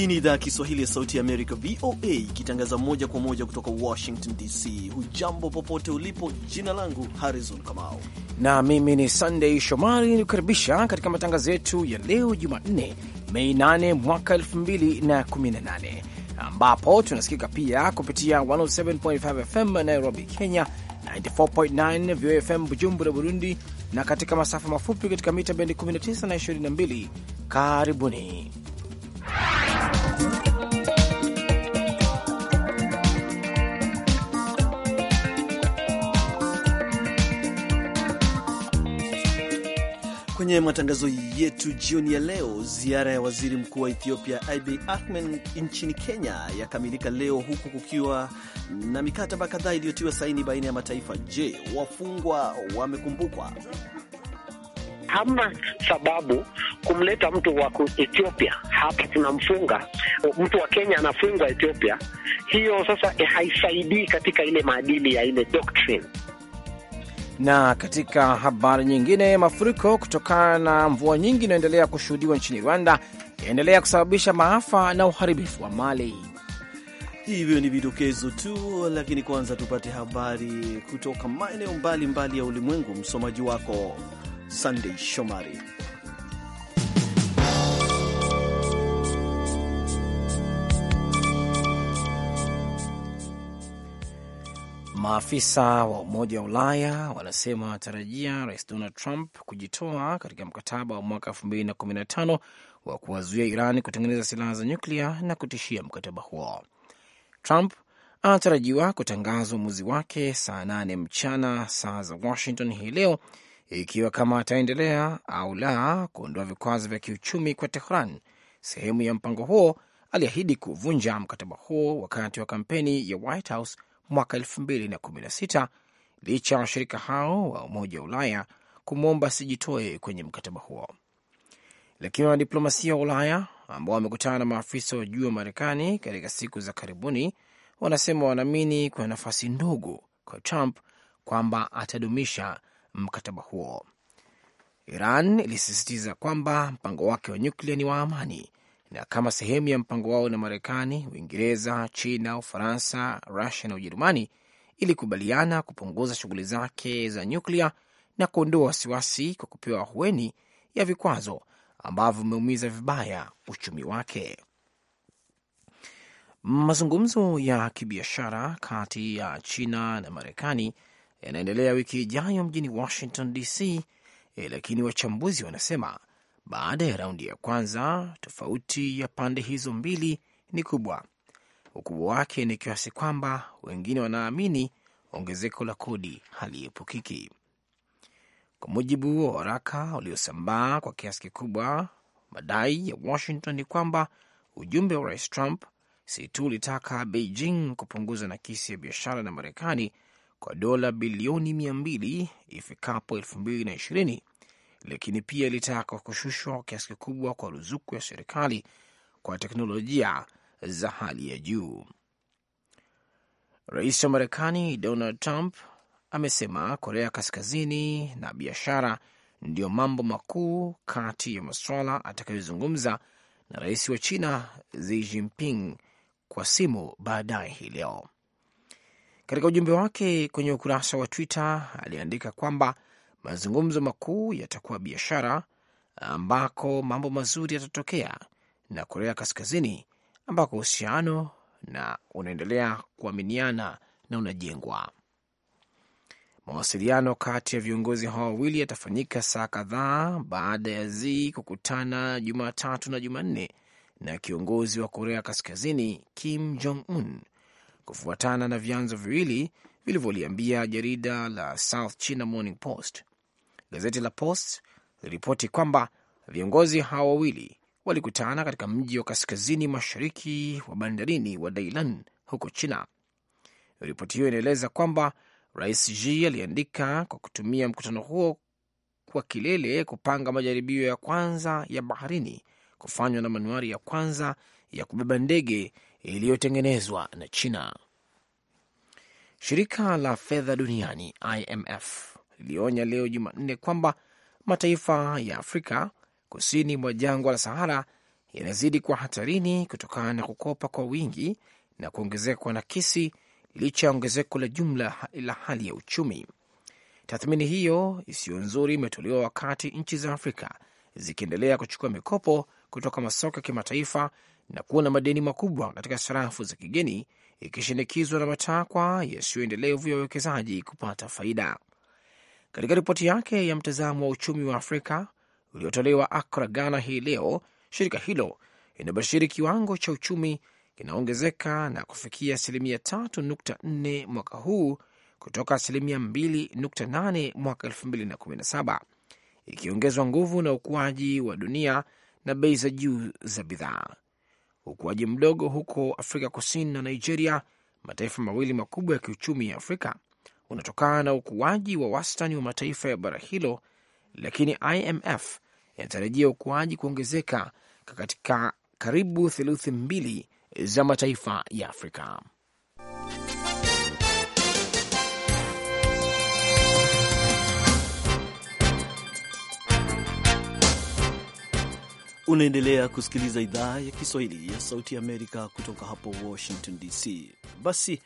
Hii ni idhaa ya Kiswahili ya Sauti ya Amerika, VOA, ikitangaza moja kwa moja kutoka Washington DC. Hujambo popote ulipo. Jina langu Harrison Kamau na mimi ni sandey Shomari, nikukaribisha katika matangazo yetu ya leo Jumanne, Mei 8 mwaka 2018 ambapo tunasikika pia kupitia 107.5 FM Nairobi, Kenya, 94.9 VFM Bujumbura, Burundi, na katika masafa mafupi katika mita bendi 19 na 22. Karibuni Kwenye matangazo yetu jioni ya leo, ziara ya waziri mkuu wa Ethiopia Abiy Ahmed nchini Kenya yakamilika leo huku kukiwa na mikataba kadhaa iliyotiwa saini baina ya mataifa. Je, wafungwa wamekumbukwa? hamna sababu kumleta mtu wa Ethiopia hapa, tunamfunga mtu wa Kenya anafungwa Ethiopia. Hiyo sasa eh, haisaidii katika ile maadili ya ile doctrine. Na katika habari nyingine, mafuriko kutokana na mvua nyingi inayoendelea kushuhudiwa nchini Rwanda yaendelea kusababisha maafa na uharibifu wa mali. Hivyo ni vidokezo tu, lakini kwanza tupate habari kutoka maeneo mbalimbali ya ulimwengu. Msomaji wako Sandei Shomari. Maafisa wa Umoja wa Ulaya wanasema wanatarajia Rais Donald Trump kujitoa katika mkataba wa mwaka 2015 wa kuwazuia Iran kutengeneza silaha za nyuklia na kutishia mkataba huo. Trump anatarajiwa kutangaza uamuzi wake saa 8 mchana saa za Washington hii leo ikiwa kama ataendelea au la kuondoa vikwazo vya kiuchumi kwa Tehran, sehemu ya mpango huo. Aliahidi kuvunja mkataba huo wakati wa kampeni ya White House mwaka 2016 licha ya washirika hao wa Umoja wa Ulaya kumwomba sijitoe kwenye mkataba huo. Lakini wanadiplomasia wa Ulaya ambao wamekutana na maafisa wa juu wa Marekani katika siku za karibuni wanasema wanaamini kuna nafasi ndogo kwa Trump kwamba atadumisha mkataba huo. Iran ilisisitiza kwamba mpango wake wa nyuklia ni wa amani, na kama sehemu ya mpango wao na Marekani, Uingereza, China, Ufaransa, Rusia na Ujerumani ilikubaliana kupunguza shughuli zake za nyuklia na kuondoa wasiwasi kwa kupewa ahueni ya vikwazo ambavyo vimeumiza vibaya uchumi wake. Mazungumzo ya kibiashara kati ya China na Marekani yanaendelea wiki ijayo mjini Washington DC, eh, lakini wachambuzi wanasema baada ya raundi ya kwanza tofauti ya pande hizo mbili ni kubwa. Ukubwa wake ni kiasi kwamba wengine wanaamini ongezeko la kodi haliepukiki. Kwa mujibu wa waraka uliosambaa kwa kiasi kikubwa, madai ya Washington ni kwamba ujumbe wa rais Trump si tu ulitaka Beijing kupunguza nakisi ya biashara na Marekani, kwa dola bilioni mia mbili ifikapo elfu mbili na ishirini, lakini pia ilitaka kushushwa kwa kiasi kikubwa kwa ruzuku ya serikali kwa teknolojia za hali ya juu. Rais wa Marekani Donald Trump amesema Korea Kaskazini na biashara ndiyo mambo makuu kati ya masuala atakayozungumza na rais wa China Xi Jinping kwa simu baadaye hii leo. Katika ujumbe wake kwenye ukurasa wa Twitter aliandika kwamba mazungumzo makuu yatakuwa biashara, ambako mambo mazuri yatatokea na Korea Kaskazini, ambako uhusiano na unaendelea kuaminiana na unajengwa. Mawasiliano kati ya viongozi hawa wawili yatafanyika saa kadhaa baada ya Xi kukutana Jumatatu na Jumanne na kiongozi wa Korea Kaskazini Kim Jong Un kufuatana na vyanzo viwili vilivyoliambia jarida la South China Morning Post. Gazeti la Post liliripoti kwamba viongozi hawa wawili walikutana katika mji wa kaskazini mashariki wa bandarini wa Dailan huko China. Ripoti hiyo inaeleza kwamba Rais Xi aliandika kwa kutumia mkutano huo kwa kilele kupanga majaribio ya kwanza ya baharini kufanywa na manuari ya kwanza ya kubeba ndege iliyotengenezwa na China. Shirika la fedha duniani IMF lilionya leo Jumanne kwamba mataifa ya Afrika kusini mwa jangwa la Sahara yanazidi kuwa hatarini kutokana na kukopa kwa wingi na kuongezeka kwa nakisi licha ya ongezeko la jumla la hali ya uchumi. Tathmini hiyo isiyo nzuri imetolewa wakati nchi za Afrika zikiendelea kuchukua mikopo kutoka masoko ya kimataifa na kuwa na madeni makubwa katika sarafu za kigeni, ikishinikizwa na matakwa yasiyoendelevu ya uwekezaji kupata faida. Katika ripoti yake ya mtazamo wa uchumi wa Afrika uliotolewa Akra, Ghana hii leo, shirika hilo inabashiri kiwango cha uchumi kinaongezeka na kufikia asilimia 3.4 mwaka huu kutoka asilimia 2.8 mwaka 2017 ikiongezwa nguvu na ukuaji wa dunia na bei za juu za bidhaa ukuaji mdogo huko Afrika Kusini na Nigeria, mataifa mawili makubwa ya kiuchumi ya Afrika, unatokana na ukuaji wa wastani wa mataifa ya bara hilo, lakini IMF inatarajia ukuaji kuongezeka katika karibu theluthi mbili za mataifa ya Afrika. Unaendelea kusikiliza idhaa ya Kiswahili ya Sauti ya Amerika kutoka hapo Washington DC. Basi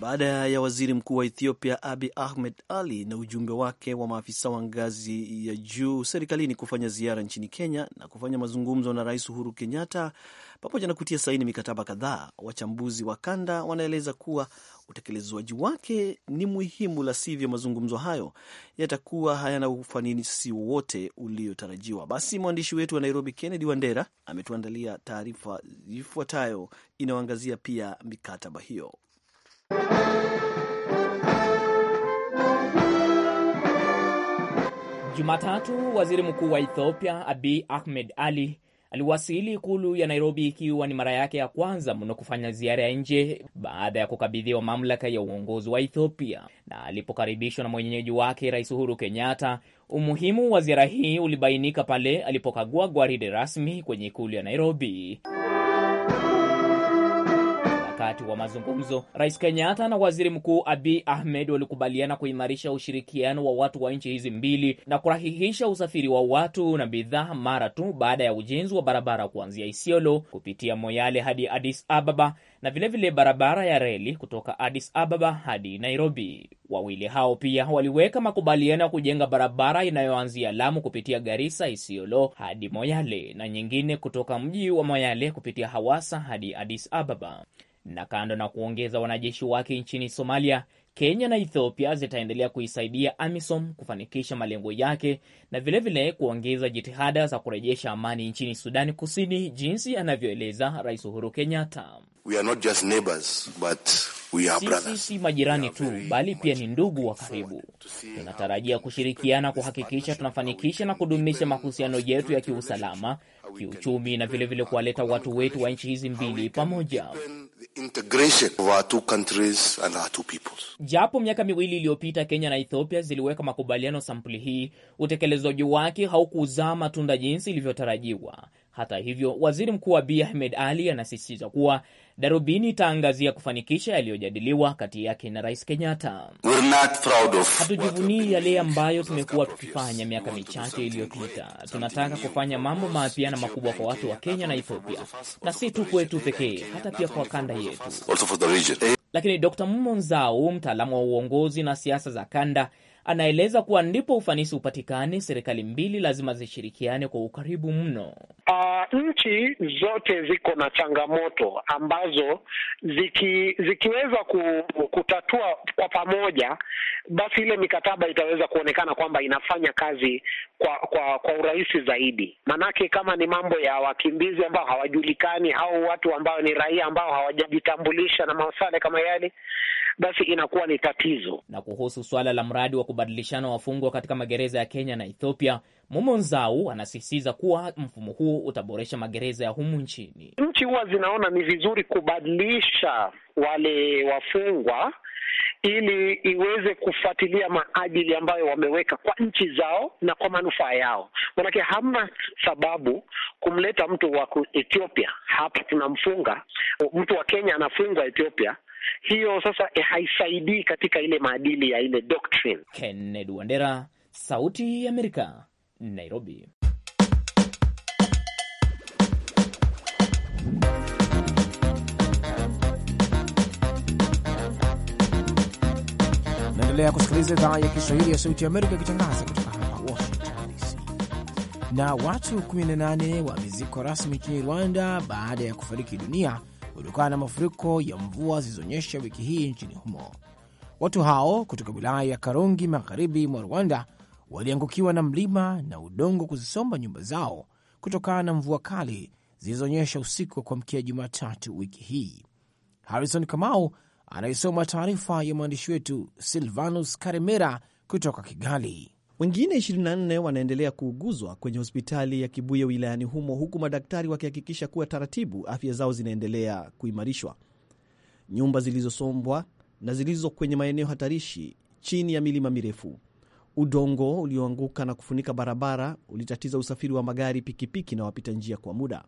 baada ya waziri mkuu wa Ethiopia abi Ahmed Ali na ujumbe wake wa maafisa wa ngazi ya juu serikalini kufanya ziara nchini Kenya na kufanya mazungumzo na Rais Uhuru Kenyatta pamoja na kutia saini mikataba kadhaa, wachambuzi wa kanda wanaeleza kuwa utekelezwaji wake ni muhimu, la sivyo mazungumzo hayo yatakuwa hayana ufanisi wowote uliotarajiwa. Basi mwandishi wetu wa Nairobi Kennedy Wandera ametuandalia taarifa ifuatayo inayoangazia pia mikataba hiyo. Jumatatu, waziri mkuu wa Ethiopia Abiy Ahmed Ali aliwasili ikulu ya Nairobi ikiwa ni mara yake ya kwanza mno kufanya ziara ya nje baada ya kukabidhiwa mamlaka ya uongozi wa Ethiopia. Na alipokaribishwa na mwenyeji wake Rais Uhuru Kenyatta, umuhimu wa ziara hii ulibainika pale alipokagua gwaride rasmi kwenye ikulu ya Nairobi. Wakati wa mazungumzo, Rais Kenyatta na Waziri Mkuu Abiy Ahmed walikubaliana kuimarisha ushirikiano wa watu wa nchi hizi mbili na kurahihisha usafiri wa watu na bidhaa mara tu baada ya ujenzi wa barabara kuanzia Isiolo kupitia Moyale hadi Addis Ababa na vilevile vile barabara ya reli kutoka Addis Ababa hadi Nairobi. Wawili hao pia waliweka makubaliano ya kujenga barabara inayoanzia Lamu kupitia Garissa, Isiolo hadi Moyale na nyingine kutoka mji wa Moyale kupitia hawasa hadi Addis Ababa na kando na kuongeza wanajeshi wake nchini Somalia, Kenya na Ethiopia zitaendelea kuisaidia AMISOM kufanikisha malengo yake na vilevile vile kuongeza jitihada za kurejesha amani nchini Sudani Kusini, jinsi anavyoeleza Rais Uhuru Kenyatta. We are not just neighbors, but we are brothers. Sisi si majirani tu, bali pia ni ndugu wa karibu. Tunatarajia kushirikiana kuhakikisha tunafanikisha na kudumisha mahusiano yetu ya kiusalama, kiuchumi na vilevile kuwaleta watu wetu wa nchi hizi mbili pamoja integration of our two countries and our two peoples. Japo miaka miwili iliyopita Kenya na Ethiopia ziliweka makubaliano sampuli hii, utekelezaji wake haukuzaa matunda jinsi ilivyotarajiwa. Hata hivyo, Waziri Mkuu Abiy Ahmed Ali anasisitiza kuwa Darubini itaangazia kufanikisha yaliyojadiliwa kati yake na Rais Kenyatta. Hatujivunii yale ambayo tumekuwa tukifanya miaka michache iliyopita. Tunataka kufanya mambo mapya na makubwa kwa watu wa Kenya na Ethiopia, na si tu kwetu pekee, hata pia kwa kanda yetu. Lakini Dr Mmonzau, mtaalamu wa uongozi na siasa za kanda, anaeleza kuwa ndipo ufanisi upatikane, serikali mbili lazima zishirikiane kwa ukaribu mno. Uh, nchi zote ziko na changamoto ambazo ziki, zikiweza ku, kutatua kwa pamoja, basi ile mikataba itaweza kuonekana kwamba inafanya kazi kwa kwa, kwa urahisi zaidi. Maanake kama ni mambo ya wakimbizi ambao hawajulikani au watu ambao ni raia ambao hawajajitambulisha na masuala kama yale, basi inakuwa ni tatizo. Na kuhusu swala la mradi wa kubadilishana wafungwa katika magereza ya Kenya na Ethiopia, Mumo Nzau anasisitiza kuwa mfumo huo utaboresha magereza ya humu nchini. Nchi huwa zinaona ni vizuri kubadilisha wale wafungwa ili iweze kufuatilia maadili ambayo wameweka kwa nchi zao na kwa manufaa yao. Manake hamna sababu kumleta mtu wa Ethiopia hapa tunamfunga, mtu wa Kenya anafungwa Ethiopia hiyo sasa eh, haisaidii katika ile maadili ya ile doctrine. Kennedy Wandera, Sauti ya Amerika, Nairobi. Naendelea kusikiliza idhaa ya Kiswahili ya Sauti ya Amerika ikitangaza kutoka hapa Washington DC. Na watu 18 wamezikwa rasmi nchini Rwanda baada ya kufariki dunia kutokana na mafuriko ya mvua zilizonyesha wiki hii nchini humo. Watu hao kutoka wilaya ya Karongi magharibi mwa Rwanda waliangukiwa na mlima na udongo kuzisomba nyumba zao kutokana na mvua kali zilizonyesha usiku wa kuamkia Jumatatu wiki hii. Harrison Kamau anaisoma taarifa ya mwandishi wetu Silvanus Karemera kutoka Kigali. Wengine 24 wanaendelea kuuguzwa kwenye hospitali ya Kibuye wilayani humo, huku madaktari wakihakikisha kuwa taratibu afya zao zinaendelea kuimarishwa. Nyumba zilizosombwa na zilizo kwenye maeneo hatarishi chini ya milima mirefu. Udongo ulioanguka na kufunika barabara ulitatiza usafiri wa magari, pikipiki na wapita njia kwa muda.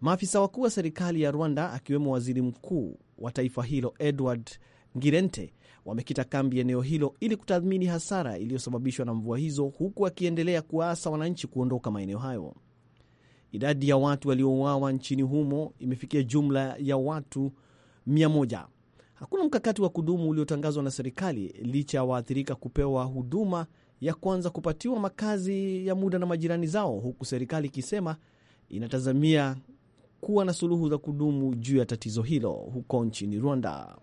Maafisa wakuu wa serikali ya Rwanda akiwemo waziri mkuu wa taifa hilo Edward Ngirente wamekita kambi eneo hilo ili kutathmini hasara iliyosababishwa na mvua hizo, huku akiendelea kuwaasa wananchi kuondoka maeneo hayo. Idadi ya watu waliouawa nchini humo imefikia jumla ya watu 1 Hakuna mkakati wa kudumu uliotangazwa na serikali licha ya waathirika kupewa huduma ya kwanza, kupatiwa makazi ya muda na majirani zao, huku serikali ikisema inatazamia kuwa na suluhu za kudumu juu ya tatizo hilo huko nchini Rwanda.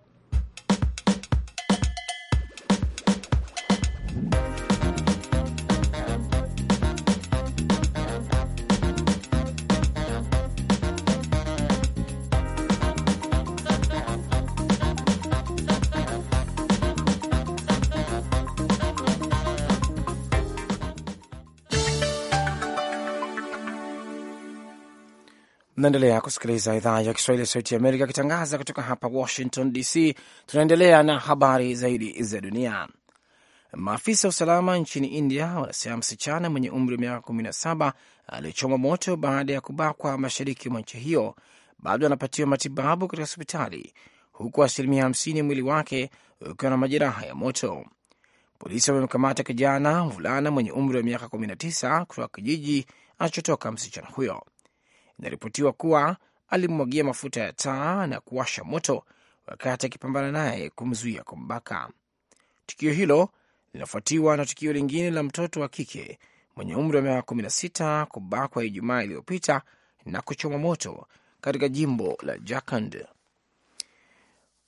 Mnaendelea kusikiliza idhaa ya Kiswahili ya Sauti ya Amerika ikitangaza kutoka hapa Washington DC. Tunaendelea na habari zaidi za dunia. Maafisa wa usalama nchini India wanasema msichana mwenye umri wa miaka saba aliyechoma moto baada ya kubakwa mashariki mwa nchi hiyo bado anapatiwa matibabu katika hospitali, huku asilimia 50 mwili wake ukiwa na majeraha ya moto. Polisi wamemkamata kijana mvulana mwenye umri wa miaka 19 kutoka kijiji anachotoka msichana huyo. Inaripotiwa kuwa alimwagia mafuta ya taa na kuwasha moto wakati akipambana naye kumzuia kumbaka. Tukio hilo linafuatiwa na tukio lingine la mtoto wa kike mwenye umri wa miaka 16 kubakwa Ijumaa iliyopita na kuchoma moto katika jimbo la Jharkhand.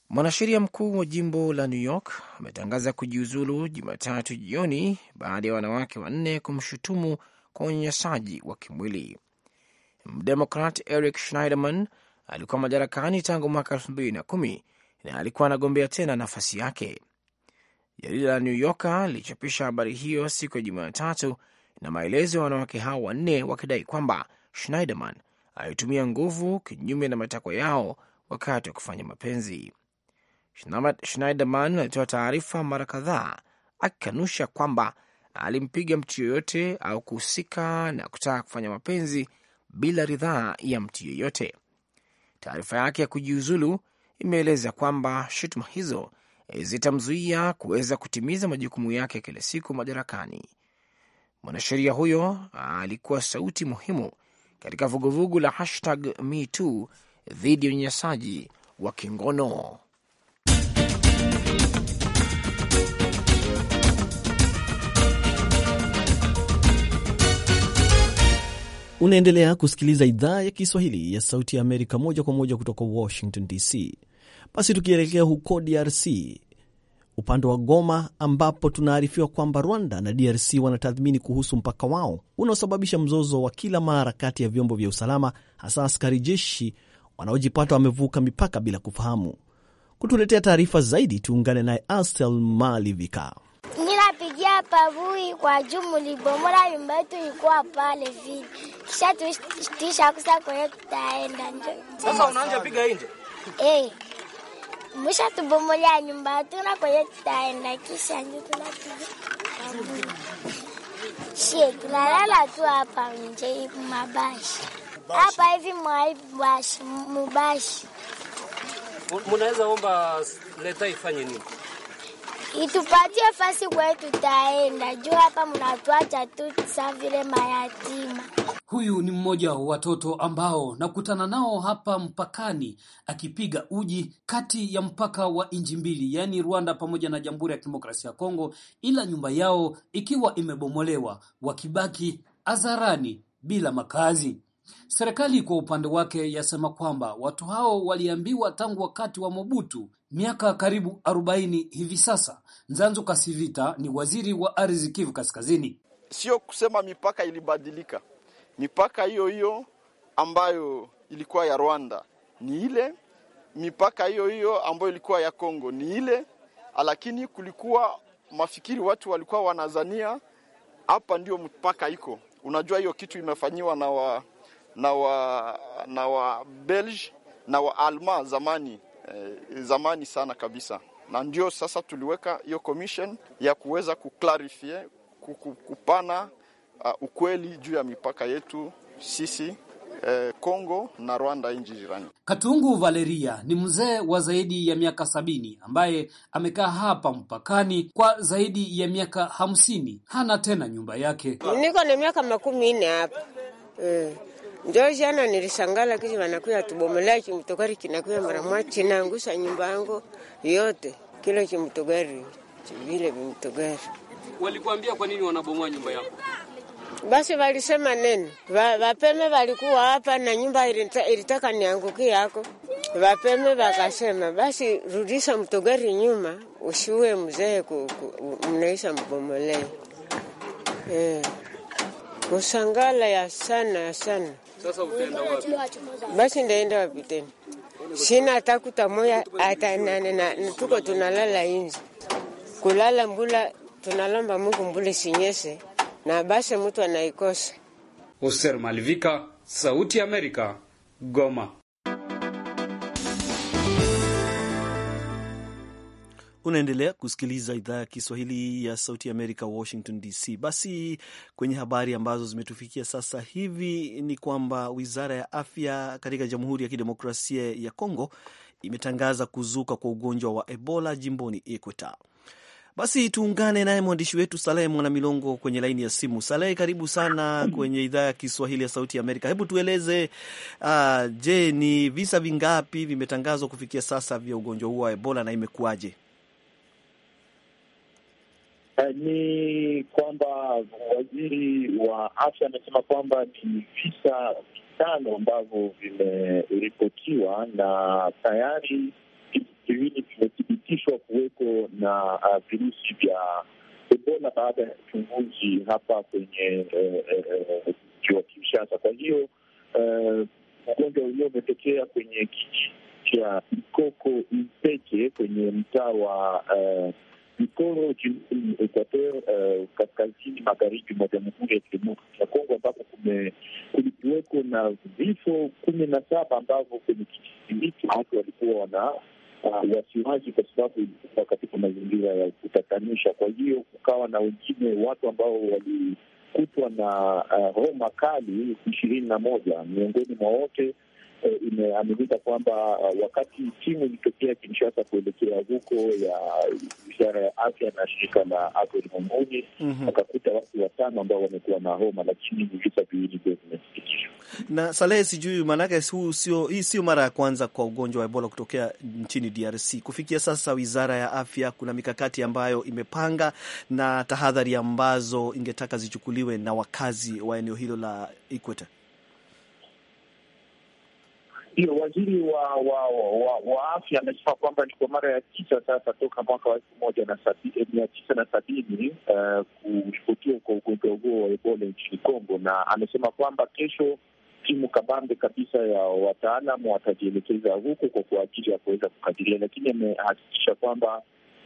Mwanasheria mkuu wa jimbo la New York ametangaza kujiuzulu Jumatatu jioni baada ya wanawake wanne kumshutumu kwa unyanyasaji wa kimwili. Mdemokrat Eric Schneiderman alikuwa madarakani tangu mwaka elfu mbili na kumi na alikuwa anagombea tena nafasi yake. Jarida la New Yorker lilichapisha habari hiyo siku ya Jumatatu na maelezo ya wanawake hao wanne wakidai kwamba Schneiderman alitumia nguvu kinyume na matakwa yao wakati wa kufanya mapenzi. Schneiderman alitoa taarifa mara kadhaa akikanusha kwamba alimpiga mtu yoyote au kuhusika na kutaka kufanya mapenzi bila ridhaa ya mtu yeyote. Taarifa yake ya kujiuzulu imeeleza kwamba shutuma hizo zitamzuia kuweza kutimiza majukumu yake kila siku madarakani. Mwanasheria huyo alikuwa sauti muhimu katika vuguvugu la hashtag Me Too dhidi ya unyanyasaji wa kingono. Unaendelea kusikiliza idhaa ya Kiswahili ya Sauti ya Amerika moja kwa moja kutoka Washington DC. Basi tukielekea huko DRC upande wa Goma, ambapo tunaarifiwa kwamba Rwanda na DRC wanatathmini kuhusu mpaka wao unaosababisha mzozo wa kila mara kati ya vyombo vya usalama, hasa askari jeshi wanaojipata wamevuka mipaka bila kufahamu. Kutuletea taarifa zaidi, tuungane naye Astel Malivika tukapigia pavui kwa juu, mulibomora nyumba yetu ilikuwa pale vile, kisha tuisha kusa kwenye tutaenda nje. Sasa unaanza piga nje eh, mwisha tubomolea nyumba yetu na kwenye tutaenda, kisha nje tunapiga shie, tunalala tu hapa nje mabashi hapa hivi mwaibashi mubashi. Munaweza omba leta ifanye nini? itupatie fasi kweye, tutaenda juu hapa mnatuacha tu vile mayatima. Huyu ni mmoja wa watoto ambao nakutana nao hapa mpakani akipiga uji kati ya mpaka wa nchi mbili, yaani Rwanda pamoja na Jamhuri ya Kidemokrasia ya Kongo, ila nyumba yao ikiwa imebomolewa, wakibaki hadharani bila makazi. Serikali kwa upande wake yasema kwamba watu hao waliambiwa tangu wakati wa Mobutu miaka karibu 40 hivi sasa, Nzanzu Kasivita ni waziri wa ardhi Kivu Kaskazini. Sio kusema mipaka ilibadilika, mipaka hiyo hiyo ambayo ilikuwa ya Rwanda ni ile mipaka hiyo hiyo ambayo ilikuwa ya Kongo ni ile, lakini kulikuwa mafikiri, watu walikuwa wanazania hapa ndio mpaka iko. Unajua hiyo kitu imefanyiwa na wa, na wa, na wa Belge na wa Alma zamani eh, zamani sana kabisa, na ndio sasa tuliweka hiyo commission ya kuweza kuclarify kupana uh, ukweli juu ya mipaka yetu sisi eh, Kongo na Rwanda, nchi jirani. Katungu Valeria ni mzee wa zaidi ya miaka sabini ambaye amekaa hapa mpakani kwa zaidi ya miaka hamsini. Hana tena nyumba yake. Niko na miaka makumi nne hapa mm ndio jana nilisangala lakini wanakuya tubomolea chimtogari kinakuya mara moja chinangusa nyumba yangu yote, kila chimtogari vile vimtogari. Walikuambia kwa nini wanabomoa nyumba yako? Basi walisema nini? Wapeme walikuwa hapa na nyumba ilita, ilitaka niangukie yako. Wapeme wakasema basi rudisha mtogari nyuma, usiue mzee mnaisha mbomolee. Eh. Kusangala ya sana ya sana. Sasa utaenda wapi? Basi ndaenda wapi tena? Sina hata kuta moya hata na, na, tuko tunalala inji Kulala mbula tunalomba Mungu mbule sinyese na basi mtu anaikosa. Oser Malivika, Sauti ya Amerika, Goma. Unaendelea kusikiliza idhaa ya Kiswahili ya Sauti Amerika, Washington DC. Basi kwenye habari ambazo zimetufikia sasa hivi ni kwamba wizara ya afya katika Jamhuri ya Kidemokrasia ya congo imetangaza kuzuka kwa ugonjwa wa Ebola jimboni Equator. Basi tuungane naye mwandishi wetu Salehe Mwanamilongo kwenye laini ya simu. Salehe, karibu sana kwenye idhaa ya Kiswahili ya Sauti ya Amerika. Hebu tueleze uh, je, ni visa vingapi vimetangazwa kufikia sasa vya ugonjwa huo wa Ebola na imekuwaje? eh, ni kwamba waziri wa afya amesema kwamba ni visa vitano ambavyo vimeripotiwa na tayari viwili vimethibitishwa kuweko na uh, virusi vya Ebola baada ya uchunguzi hapa kwenye eh, eh, mji wa Kinshasa. Kwa hiyo ugonjwa wenyewe umetokea kwenye kijiji cha Ikoko Mpeke kwenye mtaa wa uh, Vikoro jimboni Equateur euh, kaskazini magharibi mwa Jamhuri ya Kidemokrasi ya Kongo, ambapo kulikuweko na vifo kumi na saba ambavyo kwenye kijiji hicho watu walikuwa wana ah, wasiwasi kwa sababu ilikuwa katika mazingira ya kutatanisha. Kwa hiyo kukawa na wengine watu ambao walikutwa na ah, homa kali ishirini na moja miongoni mwa wote. Eh, imeaminika kwamba ah, wakati timu ilitokea Kinshasa kuelekea huko ya wizara ya afya na shirika la afya ulimwenguni mhm. wakakuta watu watano ambao wamekuwa na homa, lakini ni visa viwili ndio vimethibitishwa. Na Salehe, sijui maanake hii sio mara ya kwanza kwa ugonjwa wa Ebola kutokea nchini DRC. Kufikia sasa, wizara ya afya kuna mikakati ambayo imepanga na tahadhari ambazo ingetaka zichukuliwe na wakazi wa eneo hilo la Equator? hiyo. waziri wa wa, wa, wa afya amesema kwamba ni kwa mara ya tisa sasa toka mwaka wa elfu moja na eh, mia tisa na sabini eh, kuripotiwa kwa ugonjwa huo wa Ebola nchini Kongo, na amesema kwamba kesho timu kabambe kabisa ya wataalamu watajielekeza huko kwa kuajili ya kuweza kukadiria, lakini amehakikisha kwamba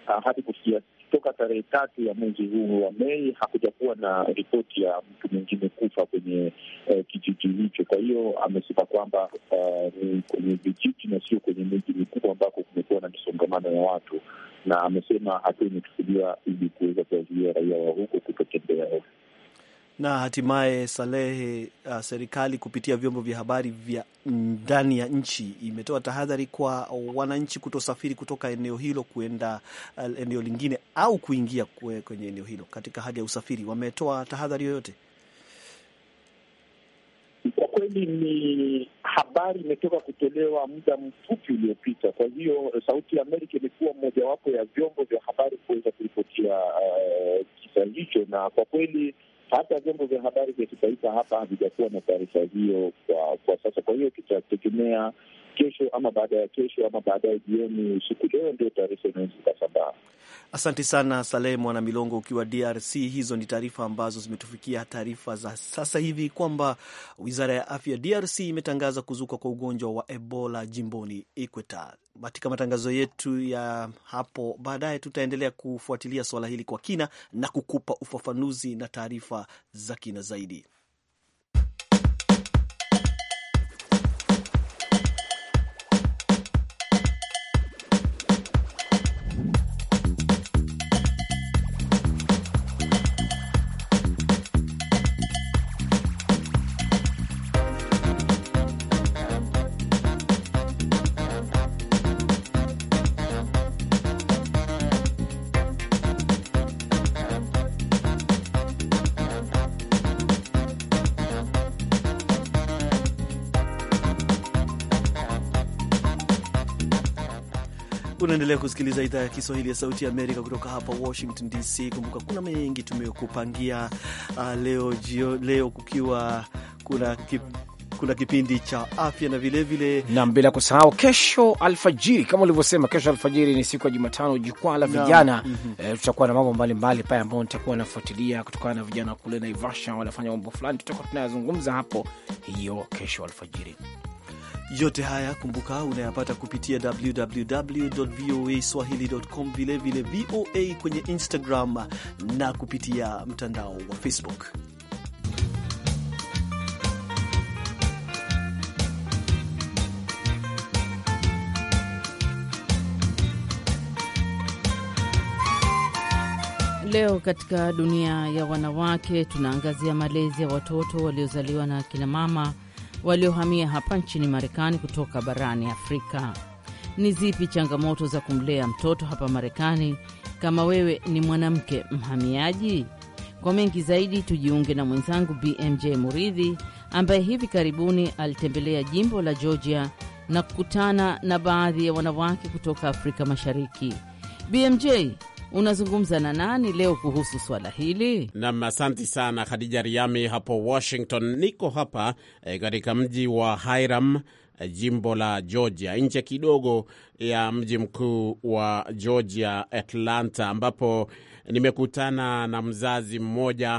uh, hadi kufikia toka tarehe tatu ya mwezi huu wa Mei hakujakuwa na ripoti ya mtu mwingine kufa kwenye eh, kijiji hicho. Kwa hiyo amesema kwamba eh, ni uh, kwenye vijiji na sio kwenye miji mikubwa ambako kumekuwa na misongamano ya watu, na amesema hatua imechukuliwa ili kuweza kuwazuia raia wa huko kutotembea ovyo. Na hatimaye Salehe, uh, serikali kupitia vyombo vya habari vya ndani ya nchi imetoa tahadhari kwa wananchi kutosafiri kutoka eneo hilo kuenda uh, eneo lingine au kuingia kwe, kwenye eneo hilo katika hali ya usafiri. Wametoa tahadhari yoyote? Kwa kweli ni habari imetoka kutolewa muda mfupi uliopita. Kwa hiyo eh, Sauti ya Amerika imekuwa mmojawapo ya vyombo vya habari kuweza kuripotia uh, kisa hicho, na kwa kweli hata vyombo vya habari vya kitaifa hapa havijakuwa na taarifa hiyo kwa, kwa sasa. Kwa hiyo tutategemea kesho ama baada ya kesho ama baadaye jioni siku leo, ndio taarifa inaweza ikasambaa. Asante sana Saleh Mwana Milongo ukiwa DRC. Hizo ni taarifa ambazo zimetufikia, taarifa za sasa hivi kwamba wizara ya afya DRC imetangaza kuzuka kwa ugonjwa wa Ebola jimboni Equator. Katika matangazo yetu ya hapo baadaye, tutaendelea kufuatilia suala hili kwa kina na kukupa ufafanuzi na taarifa za kina zaidi. Unaendelea kusikiliza idhaa ya Kiswahili ya Sauti ya Amerika kutoka hapa Washington DC. Kumbuka kuna mengi tumekupangia uh, leo, jio, leo kukiwa kuna kip kuna kipindi cha afya na vilevile nam, bila kusahau kesho alfajiri, kama ulivyosema, kesho alfajiri ni siku ya Jumatano, jukwaa la vijana. mm -hmm. E, tutakuwa na mambo mbalimbali pale ambayo nitakuwa nafuatilia kutokana na vijana kule Naivasha wanafanya mambo fulani, tutakuwa tunayazungumza hapo hiyo kesho alfajiri. Yote haya kumbuka, unayapata kupitia www voa swahili.com, vilevile VOA kwenye Instagram na kupitia mtandao wa Facebook. Leo katika dunia ya wanawake tunaangazia malezi ya watoto waliozaliwa na akina mama waliohamia hapa nchini Marekani kutoka barani Afrika. Ni zipi changamoto za kumlea mtoto hapa Marekani kama wewe ni mwanamke mhamiaji? Kwa mengi zaidi, tujiunge na mwenzangu BMJ Muridhi ambaye hivi karibuni alitembelea jimbo la Georgia na kukutana na baadhi ya wanawake kutoka Afrika Mashariki. BMJ, Unazungumza na nani leo kuhusu swala hili? Nam, asanti sana Khadija Riami hapo Washington. Niko hapa eh, katika e, mji wa Hiram eh, jimbo la Georgia, nje kidogo ya mji mkuu wa Georgia, Atlanta, ambapo nimekutana na mzazi mmoja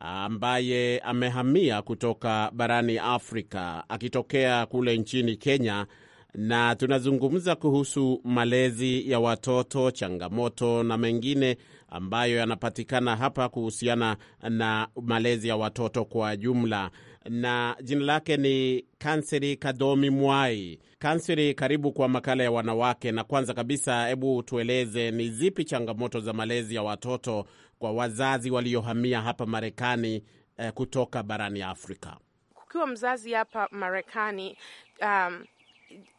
ah, ambaye amehamia kutoka barani Afrika akitokea kule nchini Kenya na tunazungumza kuhusu malezi ya watoto, changamoto na mengine ambayo yanapatikana hapa kuhusiana na malezi ya watoto kwa jumla. Na jina lake ni Kanseri Kadomi Mwai. Kanseri, karibu kwa makala ya wanawake. Na kwanza kabisa, hebu tueleze ni zipi changamoto za malezi ya watoto kwa wazazi waliohamia hapa Marekani eh, kutoka barani Afrika? kukiwa mzazi hapa Marekani um,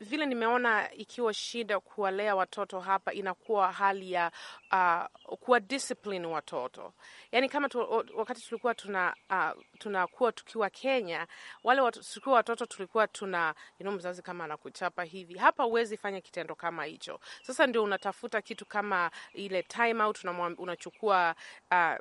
vile nimeona ikiwa shida kuwalea watoto hapa inakuwa hali ya uh, kuwa discipline watoto. Yani kama tu, wakati tulikuwa tuna uh, tunakuwa tukiwa Kenya wale tukiwa watoto tulikuwa tuna you know, mzazi kama anakuchapa hivi, hapa huwezi fanya kitendo kama hicho. Sasa ndio unatafuta kitu kama ile time out, unachukua uh,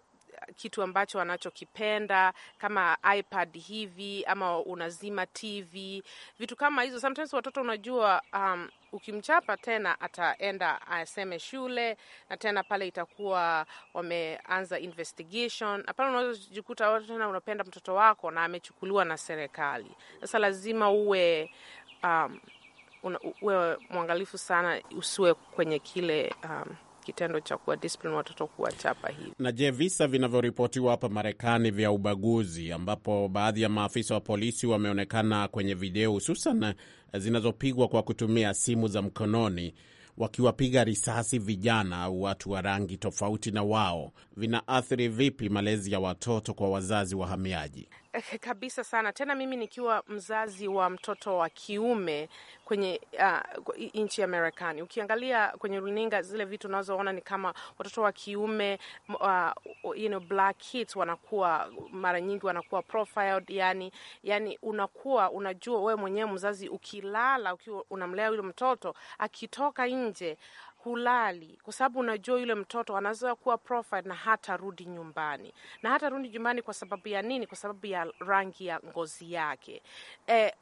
kitu ambacho wanachokipenda kama iPad hivi, ama unazima TV, vitu kama hizo. Sometimes watoto unajua, um, ukimchapa tena ataenda aseme shule, na tena pale itakuwa wameanza investigation, na pale unaweza jikuta watu tena unapenda mtoto wako na amechukuliwa na serikali. Sasa lazima uwe um, uwe mwangalifu sana, usiwe kwenye kile um, kitendo cha kuwadisiplini watoto kuwachapa hivi. Na je, visa vinavyoripotiwa hapa Marekani vya ubaguzi, ambapo baadhi ya maafisa wa polisi wameonekana kwenye video hususan eh, zinazopigwa kwa kutumia simu za mkononi wakiwapiga risasi vijana au watu wa rangi tofauti na wao, vinaathiri vipi malezi ya watoto kwa wazazi wahamiaji? Eh, kabisa sana tena, mimi nikiwa mzazi wa mtoto wa kiume kwenye uh, ah, nchi ya Marekani, ukiangalia kwenye runinga zile vitu unazoona ni kama watoto wa kiume uh, you know, black kids wanakuwa mara nyingi wanakuwa profiled, yani, yani unakuwa unajua wewe mwenyewe mzazi, ukilala ukiwa unamlea yule mtoto akitoka nje hulali kwa sababu unajua yule mtoto anaweza kuwa profile na hata rudi nyumbani, na hata rudi nyumbani kwa sababu ya nini? Kwa sababu ya rangi ya ngozi yake. E,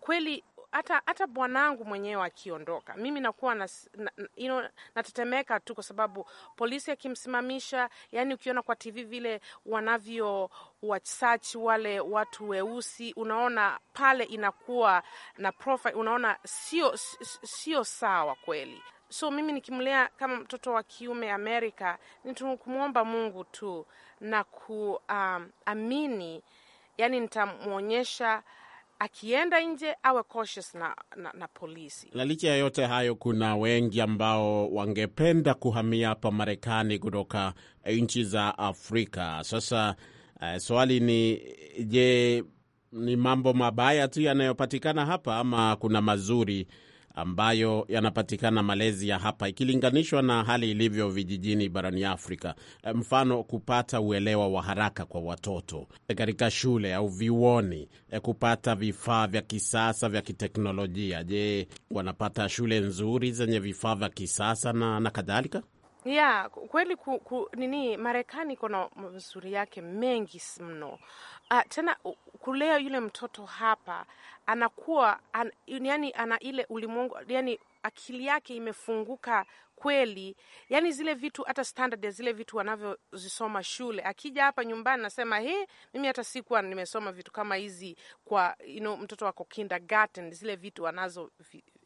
kweli hata hata bwanangu mwenyewe akiondoka, mimi nakuwa na, na, you know, natetemeka tu, kwa sababu polisi akimsimamisha yani ukiona kwa TV vile wanavyo wasachi wale watu weusi, unaona pale inakuwa na profile, unaona sio sio sawa kweli. So mimi nikimlea kama mtoto wa kiume Amerika, ni kumwomba Mungu tu na kuamini um, yani nitamwonyesha akienda nje awe cautious na, na, na polisi. Na licha ya yote hayo, kuna wengi ambao wangependa kuhamia hapa Marekani kutoka nchi za Afrika. Sasa uh, swali ni je, ni mambo mabaya tu yanayopatikana hapa ama kuna mazuri ambayo yanapatikana malezi ya hapa ikilinganishwa na hali ilivyo vijijini barani Afrika. Eh, mfano, kupata uelewa wa haraka kwa watoto eh, katika shule au vyuoni, eh, kupata vifaa vya kisasa vya kiteknolojia. Je, wanapata shule nzuri zenye vifaa vya kisasa na, na kadhalika? Yeah, kweli ku, ku, nini Marekani iko na mazuri yake mengi mno. Uh, tena kulea yule mtoto hapa anakuwa an, yani ana ile ulimwengu yani akili yake imefunguka kweli, yani zile vitu hata standard ya zile vitu wanavyozisoma shule, akija hapa nyumbani nasema hey, mimi hata sikuwa nimesoma vitu kama hizi kwa you know, mtoto wako kindergarten, zile vitu wanazo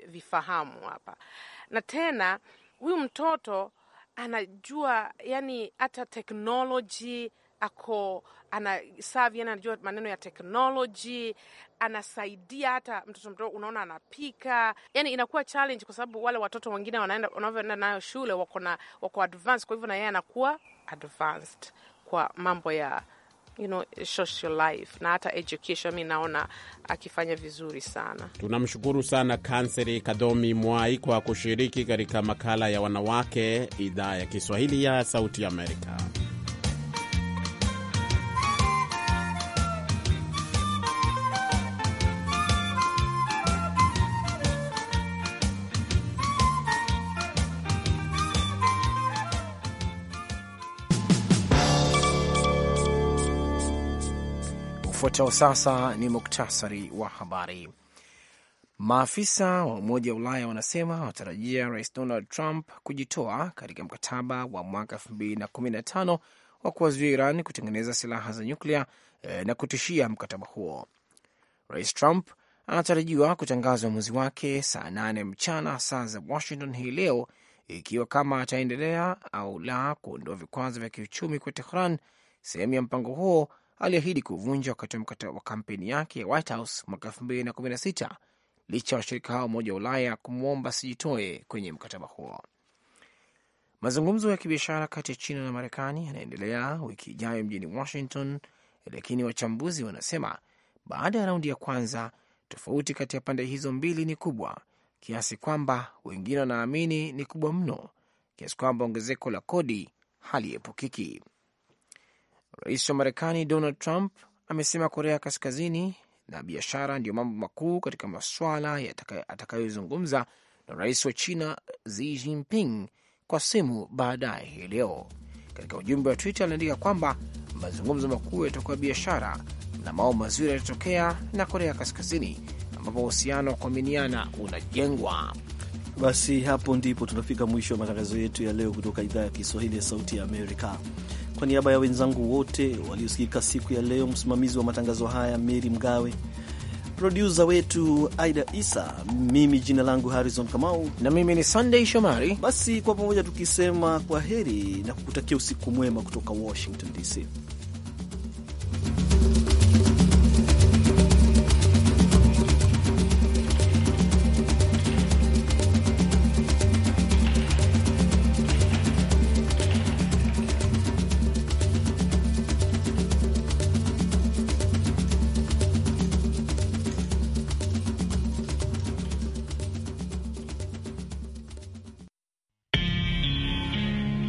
vifahamu hapa, na tena huyu mtoto anajua yani hata teknoloji ako anasavi, yani anajua maneno ya teknoloji, anasaidia hata mtoto mdogo, unaona anapika. Yani inakuwa challenge kwa sababu wale watoto wengine wanaenda wanavyoenda nayo shule wako na wako advanced, kwa hivyo na yeye anakuwa advanced kwa mambo ya you know, social life na hata education, mi naona akifanya vizuri sana. Tunamshukuru sana Kanseri Kadomi Mwai kwa kushiriki katika makala ya wanawake idhaa ya Kiswahili ya Sauti Amerika. Ufuatao sasa ni muktasari wa habari. Maafisa wa Umoja wa Ulaya wanasema wanatarajia Rais Donald Trump kujitoa katika mkataba wa mwaka 2015 wa kuwazuia Iran kutengeneza silaha za nyuklia eh, na kutishia mkataba huo. Rais Trump anatarajiwa kutangaza uamuzi wake saa nane mchana saa za Washington hii leo, ikiwa kama ataendelea au la kuondoa vikwazo vya kiuchumi kwa Tehran, sehemu ya mpango huo aliahidi kuvunja wakati wa kampeni yake ya White House mwaka sita licha ya washirika hao Umoja wa Ulaya kumwomba sijitoe kwenye mkataba huo. Mazungumzo ya kibiashara kati ya China na Marekani yanaendelea wiki ijayo mjini Washington, lakini wachambuzi wanasema baada ya raundi ya kwanza tofauti kati ya pande hizo mbili ni kubwa kiasi kwamba wengine wanaamini ni kubwa mno kiasi kwamba ongezeko la kodi haliepukiki. Rais wa Marekani Donald Trump amesema Korea Kaskazini na biashara ndiyo mambo makuu katika maswala atakayozungumza na rais wa China Xi Jinping kwa simu baadaye hii leo. Katika ujumbe wa Twitter aliandika kwamba mazungumzo makuu yatakuwa biashara na mambo mazuri yalitokea na Korea Kaskazini, ambapo uhusiano wa kuaminiana unajengwa. Basi hapo ndipo tunafika mwisho wa matangazo yetu ya leo kutoka idhaa ya Kiswahili ya Sauti ya Amerika. Kwa niaba ya wenzangu wote waliosikika siku ya leo, msimamizi wa matangazo haya Meri Mgawe, produsa wetu Aida Isa, mimi jina langu Harrison Kamau na mimi ni Sunday Shomari. Basi kwa pamoja tukisema kwa heri na kukutakia usiku mwema kutoka Washington DC.